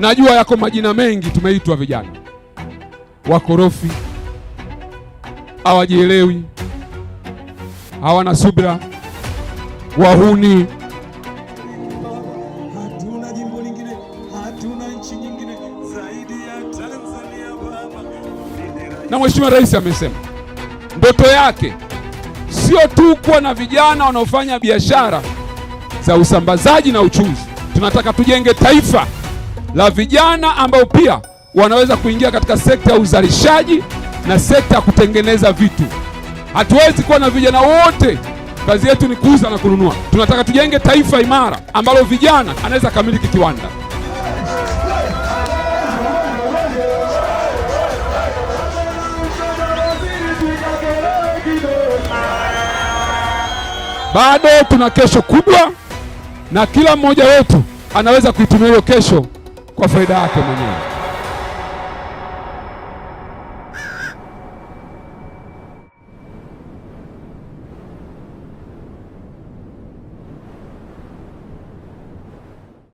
Najua yako majina mengi tumeitwa vijana wakorofi, hawajielewi, hawana subira, wahuni. Hatuna jimbo lingine, hatuna nchi nyingine zaidi ya Tanzania baba. Na Mheshimiwa Rais amesema ndoto yake sio tu kuwa na vijana wanaofanya biashara za usambazaji na uchuzi, tunataka tujenge taifa la vijana ambao pia wanaweza kuingia katika sekta ya uzalishaji na sekta ya kutengeneza vitu. Hatuwezi kuwa na vijana wote kazi yetu ni kuuza na kununua. Tunataka tujenge taifa imara ambalo vijana anaweza kamiliki kiwanda. Bado tuna kesho kubwa, na kila mmoja wetu anaweza kuitumia hiyo kesho Qual foi a data, menino?